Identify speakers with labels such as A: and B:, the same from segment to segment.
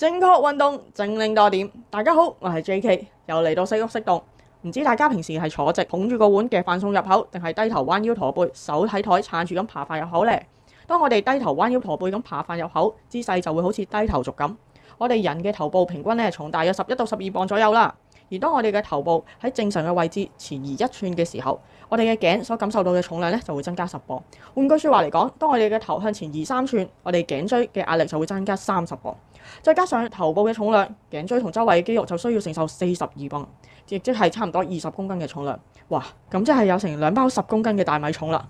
A: 正確運動正令多點。大家好，我係 J.K. 又嚟到識郁適動。唔知大家平時係坐直捧住個碗嘅飯送入口，定係低頭彎腰駝背手喺台撐住咁扒飯入口呢？當我哋低頭彎腰駝背咁扒飯入口，姿勢就會好似低頭族咁。我哋人嘅頭部平均呢，從大約十一到十二磅左右啦。而當我哋嘅頭部喺正常嘅位置前移一寸嘅時候，我哋嘅頸所感受到嘅重量呢，就會增加十磅。換句説話嚟講，當我哋嘅頭向前移三寸，我哋頸椎嘅壓力就會增加三十磅。再加上頭部嘅重量，頸椎同周圍嘅肌肉就需要承受四十二磅，亦即係差唔多二十公斤嘅重量。哇！咁即係有成兩包十公斤嘅大米重啦。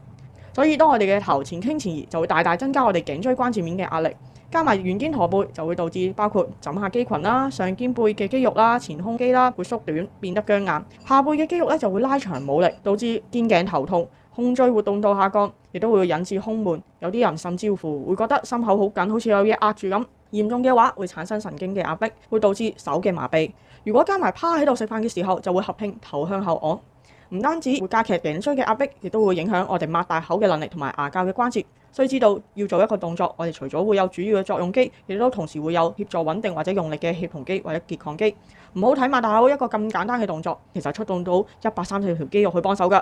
A: 所以當我哋嘅頭前傾前移，就會大大增加我哋頸椎關節面嘅壓力，加埋圓肩寒背就會導致包括枕下肌群啦、上肩背嘅肌肉啦、前胸肌啦會縮短變得僵硬，下背嘅肌肉呢，就會拉長無力，導致肩頸頭痛、胸椎活動度下降，亦都會引致胸悶。有啲人甚至乎會覺得心口好緊，好似有嘢壓住咁。嚴重嘅話會產生神經嘅壓迫，會導致手嘅麻痹。如果加埋趴喺度食飯嘅時候，就會合併頭向後昂。唔單止會加劇頸椎嘅壓迫，亦都會影響我哋擘大口嘅能力同埋牙骹嘅關節。需知道要做一個動作，我哋除咗會有主要嘅作用肌，亦都同時會有協助穩定或者用力嘅協同肌或者拮抗肌。唔好睇擘大口一個咁簡單嘅動作，其實出動到一百三十條肌肉去幫手㗎。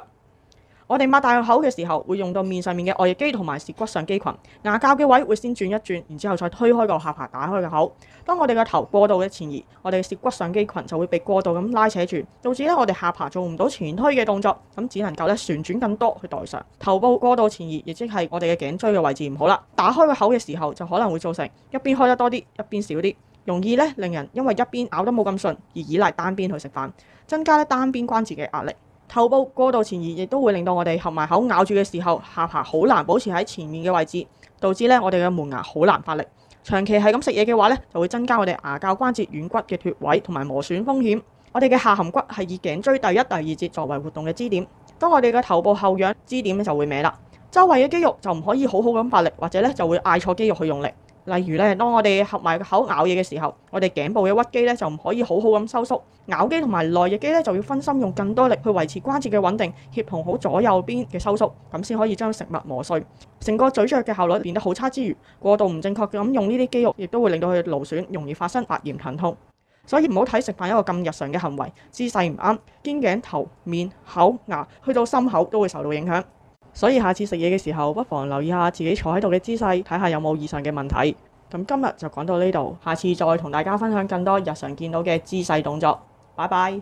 A: 我哋擘大個口嘅時候，會用到面上面嘅外翼肌同埋舌骨上肌群。牙骹嘅位會先轉一轉，然之後再推開個下巴，打開個口。當我哋個頭過度嘅前移，我哋嘅舌骨上肌群就會被過度咁拉扯住，導致呢，我哋下巴做唔到前推嘅動作，咁只能夠呢，旋轉更多去代償。頭部過度前移，亦即係我哋嘅頸椎嘅位置唔好啦。打開個口嘅時候，就可能會造成一邊開得多啲，一邊少啲，容易呢，令人因為一邊咬得冇咁順，而依賴單邊去食飯，增加呢單邊關節嘅壓力。頭部過度前移，亦都會令到我哋合埋口咬住嘅時候，下巴好難保持喺前面嘅位置，導致呢，我哋嘅門牙好難發力。長期係咁食嘢嘅話呢，就會增加我哋牙骹關節軟骨嘅脫位同埋磨損風險。我哋嘅下頜骨係以頸椎第一、第二節作為活動嘅支點，當我哋嘅頭部後仰，支點呢就會歪啦，周圍嘅肌肉就唔可以好好咁發力，或者呢就會嗌錯肌肉去用力。例如咧，當我哋合埋口咬嘢嘅時候，我哋頸部嘅屈肌咧就唔可以好好咁收縮，咬肌同埋內翼肌咧就要分心用更多力去維持關節嘅穩定，協同好左右邊嘅收縮，咁先可以將食物磨碎，成個咀嚼嘅效率變得好差之餘，過度唔正確咁用呢啲肌肉，亦都會令到佢勞損，容易發生發炎疼痛。所以唔好睇食飯一個咁日常嘅行為，姿勢唔啱，肩頸、頭面、口牙去到心口都會受到影響。所以下次食嘢嘅時候，不妨留意下自己坐喺度嘅姿勢，睇下有冇以上嘅問題。咁今日就講到呢度，下次再同大家分享更多日常見到嘅姿勢動作。拜拜。